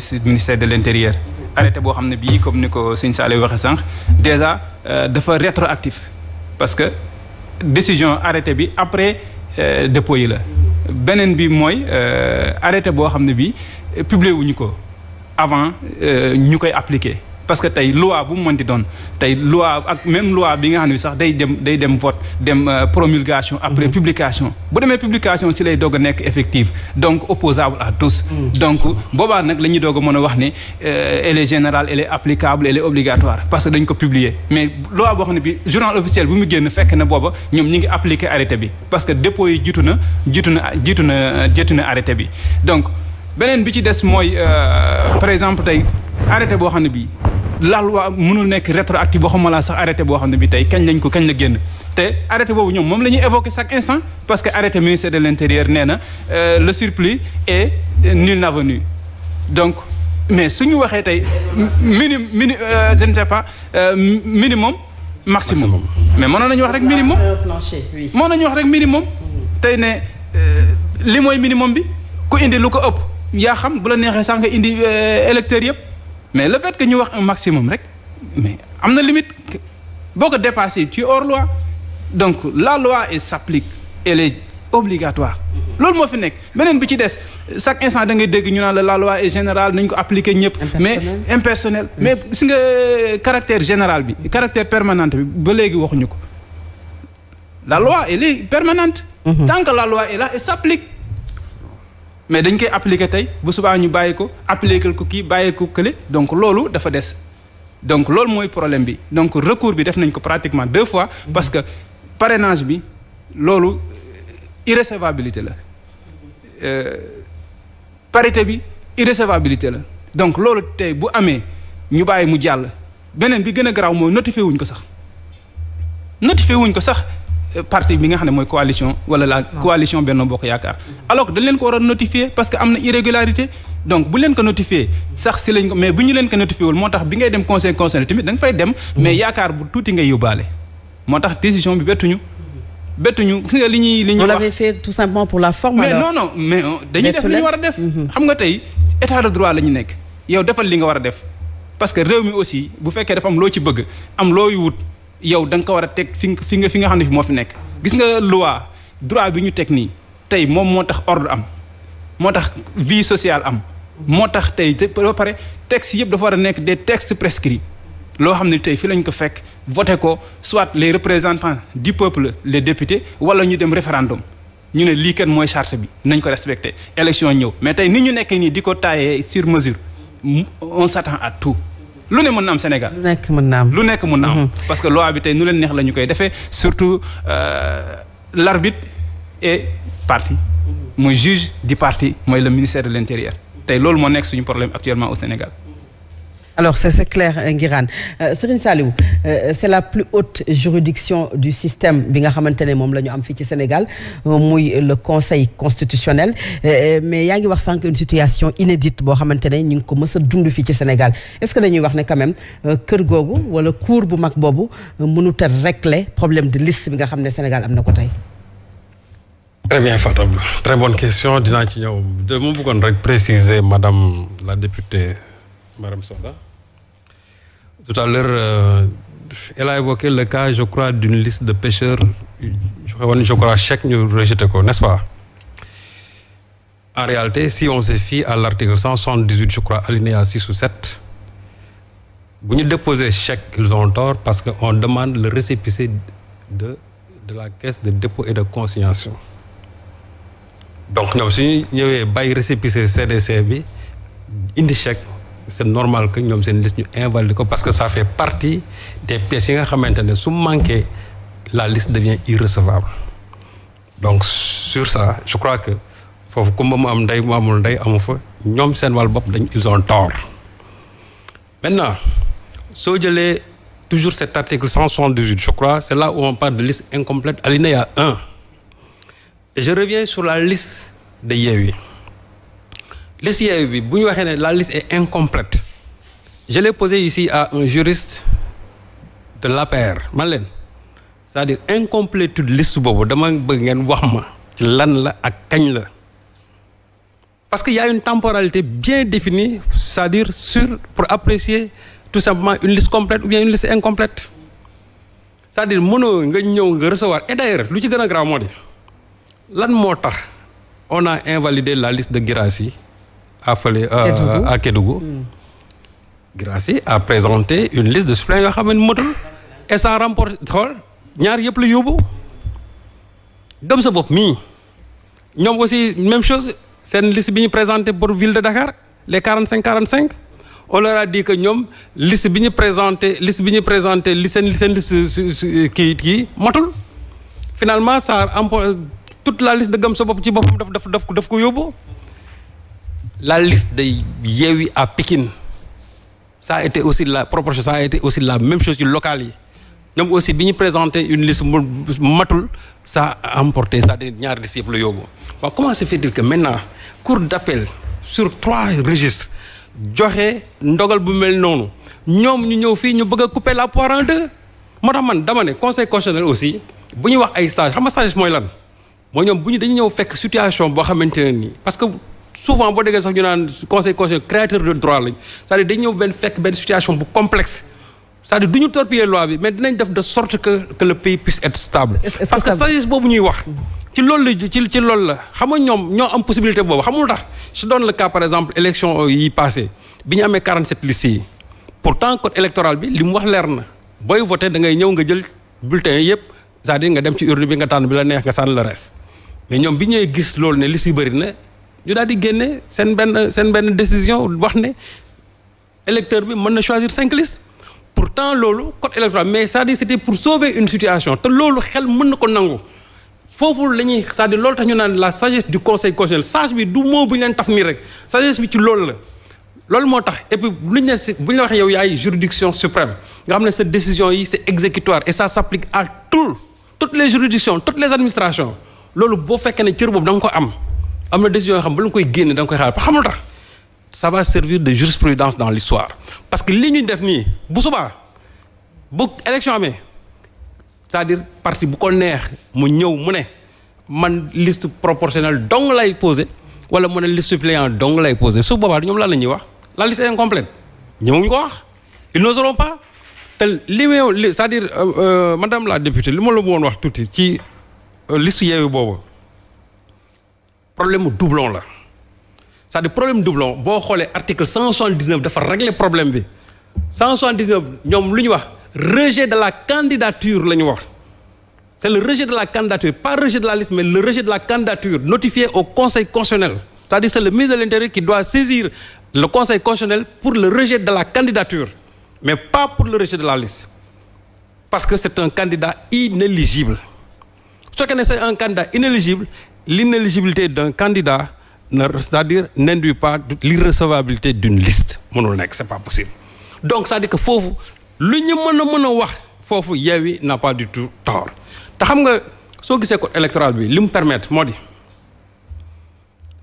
ministre ministère de l' intérieur arrêté boo xam ne bii comme ni ko sëñ Saliou waxee sànq déjà euh, dafa rétroactif parce que décision arrêté bi après euh, dépôt yi la beneen bi mooy euh, arrêté boo xam ne bii publier wuñu ko avant ñu koy appliquer parce que tey loi bu mu mënti doon tey loi ak même loi bi nga xam ne sax day dem day dem vote dem euh, promulgation après mm-hmm. publication bu demee publication ci lay doog a nekk effective donc opposable à tous mm-hmm. donc boobaa nag la ñuy doog a mën a wax ne euh, elle est générale elle est applicable elle est obligatoire parce que dañ ko publier mais loi boo xam ne bi journal officiel bu mu génn fekk na booba ngi appliquer arrêté bi parce que dépôt yi jiitu na jiitu na jiitu na jiitu na arrêté bi donc beneen bi ci des mooy euh, par exemple tey arrêté boo xam ne bii la loi munu nekk rétroactive waxuma laa sax arrêté boo xam ne bi tey kañ lañ ko kañ la génn te arrêté boobu ñoom moom la ñuy évoquer chaque instant parce que arrêté ministère de l' intérieur nee na euh, le surplus est nul n'avenu donc mais su ñu waxee tey minimum mini euh, je ne sais pas euh, minimum maximum mais mënoon nañu wax rek minimum mënoon nañu wax rek minimum tey ne li mooy minimum bi ku indi lu ko ëpp yaa xam bu la neexee sax nga indi électeurs yëpp mais le fait que ñu wax un maximum rek mais am na limite boo ko dépassé ci es hors loi donc la loi elle s'applique elle est obligatoire loolu moo fi nekk beneen bi ci des chaque instant da ngay dégg ñu naan la la loi générale nañ ko appliquer ñëpp mais impersonnel mais si nga caractère général bi caractère permanente bi ba léegi waxuñu ko la loi elle est permanente mm-hmm. tant que la loi est là elle s'applique mais dañ koy appliquer tey bu subaa ñu bàyyi ko appliquer ko kii bàyyi ko kële donc loolu dafa des donc loolu mooy problème bi donc recours bi def nañ ko pratiquement deux fois parce que parrainage bi loolu irrécevabilité la euh, parité bi irrécevabilité la donc loolu tey bu amee ñu bàyyi mu jàll beneen bi gën a garaaw mooy notifié wuñ ko sax notifié wuñ ko sax parti bi nga xam ne mooy coalition wala la coalition Benno Bokk Yaakaar alors que dañ leen ko war a notifier parce que am na irrégularité donc bu leen ko notifier sax si lañ ko mais bu ñu leen ko notifié wul moo tax bi ngay dem conseil constitutionnel tamit da nga fay dem mais yaakaar bu tuuti ngay yóbbaale moo tax décision bi bettuñu bettuñu gis nga li ñuy li ñuy wax on l'avait fait pour la forme mais non non euh, def li ñu war a def mhm. xam nga tey état de droit la ñu nekk yow defal li nga war a def parce que réew mi aussi bu fekkee dafa loo ci bëgg am looy yow da nga ko war a teg fi fi nga fi nga xam ne fi moo fi nekk gis nga loi droit bi ñu teg nii tey moom moo tax ordre am moo tax vie sociale am moo tax tey ba pare texte yëpp dafa war a nekk des textes prescrits loo xam ne tey fi lañ ko fekk vote ko soit les représentants di peuple le députés wala ñu dem référendum ñu ne lii kat mooy charte bi nañ ko respecté élection ñëw mais tey ni ñu nekk nii di ko taayee sur mesure on s'attend à tout lu ne mën na am Sénégal. lu nekk mën na am lu nekk mën am. Mm-hmm. parce que loi bi tey nu leen neex la koy defee surtout euh, l'arbitre est parti. Mm-hmm. mooy juge du parti mooy le ministère de l'intérieur tey loolu moo nekk suñu problème actuellement au Sénégal. alors c'est c'est clair euh, Nguirane euh, Serigne Saliou euh, c'est la plus haute juridiction du système bi nga xamante ne moom la ñu am fii ci Sénégal muy le conseil constitutionnel mais yaa ngi wax sànq une situation inédite boo xamante ne ñu ngi ko mës a dund fii ci Sénégal est-ce que dañuy wax ne quand même kër googu wala cour bu mag boobu mënut a régler problème de liste bi nga xam ne Sénégal am na ko tey. bien Fatou très question dinaa ci ñëw de mu bëggoon rek préciser madame la députée Maram Soda Tout à l'heure, euh, elle a évoqué le cas, je crois, d'une liste de pêcheurs, je crois, chèque, nous rejetons, n'est-ce pas En réalité, si on se fie à l'article 178, je crois, alinéa 6 ou 7, vous nous déposez chèque, ils ont tort parce que on demande le récépissé de, de la caisse de dépôt et de consignation. Donc, nous avons récépissé CDC, indi chèque. c'est normal que ñoom seen liste ñu invalide ko parce que ça fait partie des pièces yi nga xamante ne su manqué la liste devient irrecevable donc sur ça je crois que foofu kumba mu am ndey mu amul ndey amu fa ñoom seen wàll bopp dañ ils ont tort maintenant soo jëlee toujours cet article 178 je crois c'est là où on parle de liste incomplète alinéa 1 et je reviens sur la liste de Yewwi liste Yewwi bi bu ñu waxee ne la liste est incomplète je l'ai posé ici à un juriste de l'APR man leen c'est-à-dire incomplétude liste boobu dama bëgg ngeen wax ma ci lan la ak kañ la parce que y a une temporalité bien définie c'est-à-dire sur pour apprécier tout simplement une liste complète ou bien une liste incomplète cest dire mënoo nga ñëw nga recevoir et d'ailleurs lu ci gën a lan moo tax on a invalider la liste de Guirassy à fële euh, à Kédougou Gracie a présenté une liste de suppléants yoo xam ne motul et sans remporte xool ñaar yëpp la yóbbu gëm sa bopp mii ñoom aussi même chose seen liste bi ñu présenté pour ville de Dakar les quarante cinq quarante cinq on leur a dit que ñoom liste bi ñu présenté liste bi ñu présenté li seen seen liste kii kii matul finalement ça toute la liste de gëm sa bopp ci boppam daf daf daf ko yóbbu la liste de Yewwi à Pikine ça a été aussi la proportion ça a été aussi la même chose ci locales yi ñoom aussi bi ñu présenté une liste mu matul ça a emporté ça di ñaari liste yëpp la yóbbu waaw comment se fait-il que maintenant cour d'appel sur trois registres joxe ndogal bu mel noonu ñoom ñu ñëw fii ñu bëgg a couper la poire en deux moo tax man dama ne conseil constitutionnel aussi bu ñu wax ay sage xam sage mooy lan moo ñoom bu ñu dañu ñëw fekk situation boo xamante souvent boo déggee sax ñu naan conseil conseil créateur de droit lañ c'est-à-dire dañ ñëw benn fekk benn situation bu complexe c'est-à-dire torpiller loi bi mais dinañ def de sorte que que le pays puisse être stable. parce que sagesse boobu ñuy wax. Mm-hmm. ci loolu la ci ci la xam nga ñoom ñoo am possibilité boobu xamul tax je donne le cas par exemple élection yi passé bi ñu amee 47 listes yi pourtant code électoral bi li mu wax leer na booy voté da ngay ñëw nga jël bulletin yëpp c'est-à-dire nga dem ci urne bi nga tànn bi la neex nga sànni le reste ñoom bi ñooy gis loolu ne liste yi bëri na. ñu daal di génne seen benn seen benn décision wax ne électeur bi mën na choisir cinq listes pourtant loolu code électoral mais cest à c'était pour sauver une situation te loolu xel mën na ko nangu foofu la ñuy cest loolu tax ñu naan la sagesse du conseil constitutionnel sage bi du moo bu ñu leen taf mi rek sagesse bi ci loolu la loolu moo tax et puis bu ñu ne bu ñu la waxee yow yaay juridiction suprême nga xam ne sa décision yi c'est exécutoire et ça s'applique à tout toutes les juridictions toutes les administrations loolu boo fekkee ne cër boobu da ko am am na décision yoo xam ba la koy génne da nga koy xaar ba xamul tax ça va servir de jurisprudence dans l'histoire parce que li ñuy def nii bu subaa bu élection amee c'est-à-dire parti bu ko neex mu ñëw mu ne man liste proportionnelle dong lay posé wala mu ne liste suppléant dong lay posé su boobaa ñoom lan la ñuy wax la liste est incomplète ñëwuñu ko wax ils n'oseront pas te li may c'est-à-dire euh, euh, madame la députée li ma la woon wax tuuti ci euh, liste yeewu boobu. problème mu doublon la c'est-à-dire problème doublon boo xoolee article cent soixante-dix-neuf dafa régler problème bi cent soixante ñoom lu ñu wax rejet de la candidature la ñu wax c'est le rejet de la candidature pas rejet de la liste mais le rejet de la candidature notifié au conseil constitutionnel c'est-à-dire c'est le ministre de l'intérieur qui doit saisir le conseil constitutionnel pour le rejet de la candidature mais pas pour le rejet de la liste parce que c'est un candidat inéligible su fekkee ne c'est li d'un candidat c'est-à-dire n'induit pas l'irrecevabilité d'une liste mënul nekk c'est pas possible donc cest à que foofu lu ñu mën a mën a wax foofu yeewi n'a pas du tout tort te xam nga soo gisee code électoral bi li mu permettre moo di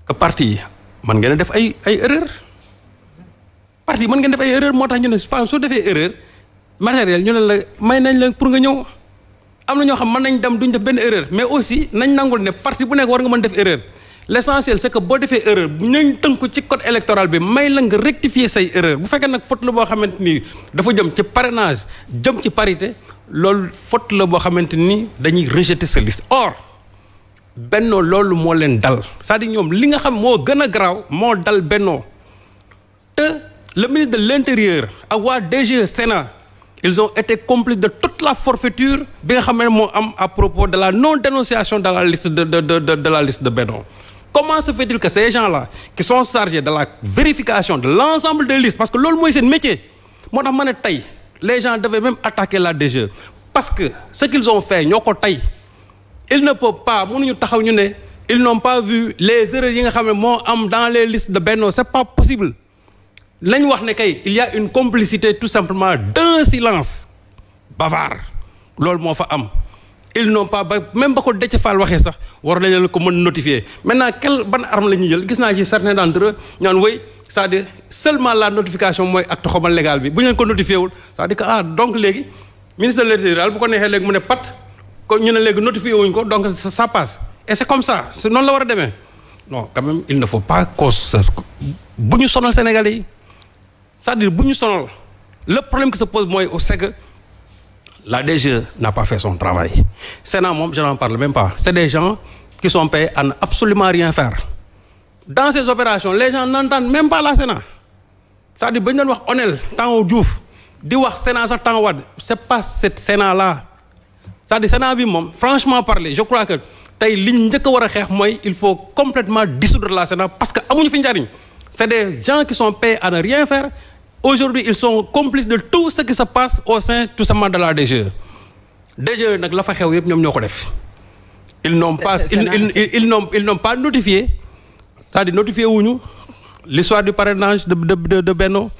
que parti yi mën ngeen a def ay ay erreur parti yi mën ngeen def ay erreur moo tax ñu ne soo defee erreur matériel ñu ne la may nañ la pour nga ñëw am na ñoo xam mën nañ dem duñ def benn erreur mais aussi nañ nangul ne parti bu nekk war nga mën def erreur l' essentiel c' est que boo defee erreur nañ tënku ci code électoral bi may la nga rectifier say erreur bu fekkee nag faute la boo xamante ni dafa jëm ci parrainage jëm ci parité loolu faute la boo xamante ni dañuy rejeter sa liste or bennoo loolu moo leen dal cest à ñoom li nga xam moo gën a garaaw moo dal bennoo te le ministre de l' intérieur ak waa DG Sénat ils ont été complices de toute la forfaiture bi nga xam ne moo am à propos de la non dénonciation dans la liste de de de de la liste de Benno comment se fait-il que ces gens-là qui sont chargés de la vérification de l'ensemble des listes parce que loolu mooy seen métier moo tax ma ne tey les gens devaient même attaquer la DGE parce que ce qu'ils ont fait ñoo ko tey ils ne peuvent pas mënuñu taxaw ñu ne ils n'ont pas vu les erreurs yi nga xam ne moo am dans les listes de Benno c'est possible lañ wax ne kay il y une complicité tout simplement d'un silence bavard loolu moo fa am ils n'ont pas ba même ba ko Déthié Fall waxee sax war nañ leen ko mën notifier maintenant quelle ban arme la ñuy jël gis naa ci certains d'entre eux ñaan woy c'est-à-dire seulement la notification mooy acte xamal légal bi bu ñu leen ko notifié wul c'est-à-dire que ah donc léegi ministre de l'intérieur bu ko neexee léegi mu ne pat ko ñu ne léegi notifié wuñ ko donc sa passe et c'est comme ça la war a demee non quand même il ne faut pas qu'on se bu ñu sonal Sénégalais yi cest dire bu ñu sonal le problème qui se pose mooy au que la des DGE n'a pas fait son travail Sénat moom je n'en parle même pas c'est des gens qui sont payés à ne absolument rien faire dans ces opérations les gens n'entendent même pas la Sénat c'est-à-dire ba ñu doon wax onel temps Diouf di wax Sénat sax temps Wade c'est pas cette Sénat là c'est-à-dire Sénat bi moom franchement parler je crois que tey liñ njëkk a war a xeex mooy il faut complètement dissoudre la Sénat parce que amuñu fi njariñ C'est des gens qui sont payés à ne rien faire. Aujourd'hui, ils sont complices de tout ce qui se passe au sein tout simplement de la DGE. DGE nag la fa xew yëpp ñoom ñoo ko def. ils n'ont pas ils ils ils n'ont pas notifié c'est-à-dire notifié wuñu l'histoire du parrainage de de de Benno.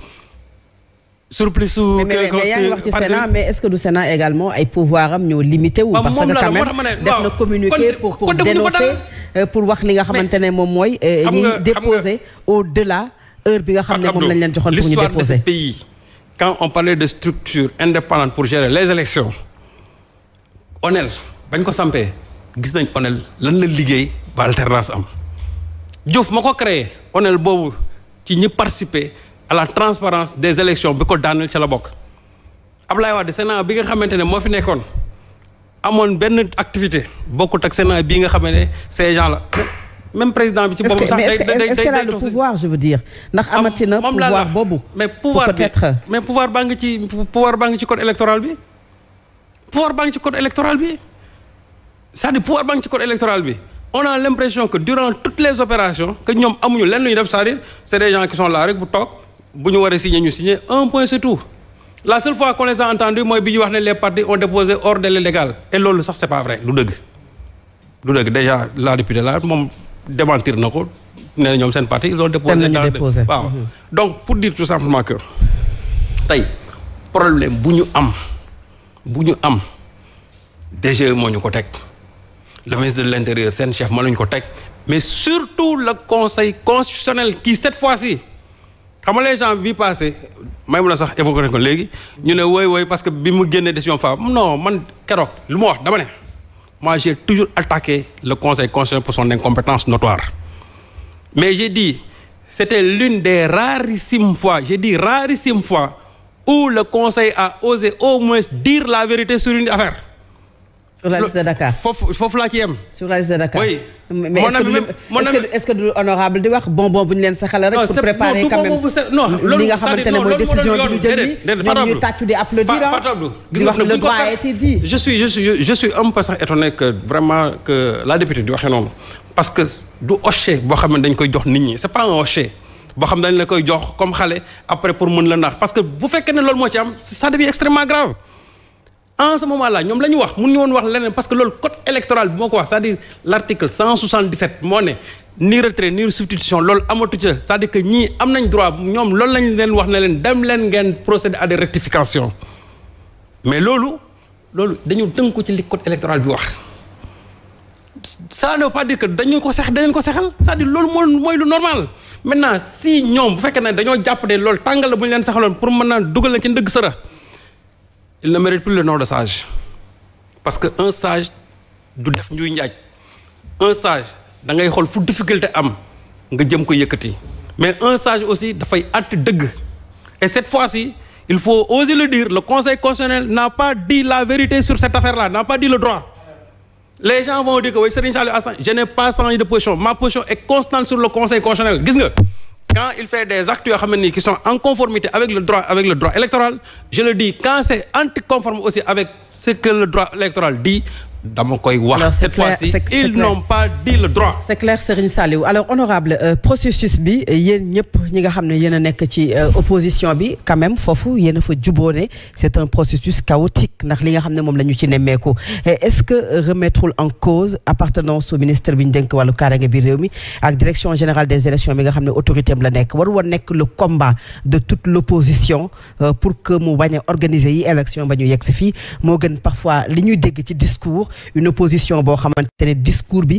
surplus su. mais mais yaa ngi wax ci Sénat mais est-ce que du Sénat également ay pouvoir am ñoo limité parce que quand na euh, xamante ne moom mooy. Euh, ñi déposé au-delà heure bi nga xam ne moom lañ leen joxoon pour ñu déposé. de ce pays quand on parlait de structure indépendante pour gérer les élections ONEL bañ ko sampee gis nañ ONEL lan la liggéey ba alternance am Diouf ma ko créé ONEL boobu ci ñi participer. à la transparence des élections bi ko daaneel ca la bokk Ablaye Wade Sénat bi nga xamante ne moo fi nekkoon amoon benn activité bokkut ak Sénat bii nga xamante ne ces gens la même président bi ci boobu sax day day est-ce qu'elle a le pouvoir je veux dire ndax amati na pouvoir boobu mais pouvoir bi euh, mais pouvoir baa ngi ci pouvoir baa ngi ci code électoral bi pouvoir baa ngi ci code électoral bi c'est-à-dire pouvoir baa ngi ci code électoral bi on a l'impression que durant toutes les opérations que ñoom amuñu lenn lu ñu def c'est-à-dire c'est des gens qui sont là rek bu toog bu ñu waree signé ñu signé un point c'est tout la seule fois qu'on les mooy bi ñu wax ne les partis ont déposé hors délai légal et loolu sax c'est pas vrai du dëgg du dëgg déjà la députée la moom démentir na ko na ñoom seen parti ils ont déposé waaw mm-hmm. donc pour dire tout simplement que tey problème bu ñu am bu ñu am DGE moo ñu ko teg le ministre de l'intérieur seen chef moo la ko teg mais surtout le conseil constitutionnel qui cette fois-ci xam nga les gens bi passé may mun a sax évoqué nañ ko léegi ñu ne wooy wooy parce que bi mu génnee décision fa non man keroog lu mu wax dama ne moi j'ai toujours attaqué le conseil constitutionnel pour son incompétence notoire mais j'ai dit c'était l'une des rarissimes fois j'ai dit rarissime fois où le conseil a osé au moins dire la vérité sur une affaire sur la liste de Dakar foofu foofu laa ci yem. sur de Dakar oui. est-ce que du honorable di wax bonbon bu ñu leen saxale rek. pour préparer quand même li nga xamante ne mooy décision bi ñu ñoom ñu tàccu di applaudir ah. di wax le droit a été dit. je suis je suis un peu étonné que vraiment que la députée di waxe noonu parce que du hoché boo xam ne dañ koy jox nit ñi c'est pas un hoché. boo xam dañ la koy jox comme xale après pour mën la naax parce que bu fekkee ne loolu moo ci am en ce moment ñoom la wax mu ñu woon wax leneen parce que loolu code électoral bi moo ko wax c'est-à-dire l' article 177 moo ne ni retrait ni substitution loolu amatu ca c'est-à-dire que ñii am nañ droit ñoom loolu lañ leen wax ne leen dem leen ngeen procéder a des rectifications mais loolu loolu dañu ko ci li code électoral bi wax ça ne veut pas dire que dañu ko sex dañu ko sexal cest dire loolu moo mooy lu normal maintenant si ñoom bu fekkee ne dañoo jàpp ne loolu tàngal bu ñu leen sexaloon pour mën naa dugal na ci ndëgg il ne mérite plus le nom de sage parce que un sage du def ñuy njaaj un sage da ngay xool fu difficulté am nga jëm ko yëkkati mais un sage aussi dafay àtt dëgg et cette fois-ci il faut oser le dire le conseil constitutionnel n'a pas dit la vérité sur cette affaire-là n'a pas dit le droit les gens vont dire que way Serigne Saliou Assane je n'ai pas changé de position ma position est constante sur le conseil constitutionnel gis nga quand il fait des actes yoo xam ne nii qui sont en conformité avec le droit avec le droit électoral je le dis quand c'est anticonforme aussi avec ce que le droit électoral dit dama koy wax. cette fois-ci ils n'ont pas dit le droit. c'est clair Serigne alors honorable euh, processus bi yéen ñëpp ñi nga xam ne yéen a nekk ci euh, opposition bi quand foofu yéen fa jubóone c'est un processus chaotique ndax li nga xam ne moom la ñu ci nemmeeku est-ce que remettrul en cause appartenance au ministère bi ñu denk wàllu kaaraange bi réew mi ak direction générale des élections bi nga xam ne autorité am la nekk waru nekk le combat de toute l'opposition euh, pour que mu bañ a organiser yi élection ba ñu yegg si fii moo gën parfois li ñuy dégg ci discours une position boo xamante ne discours bi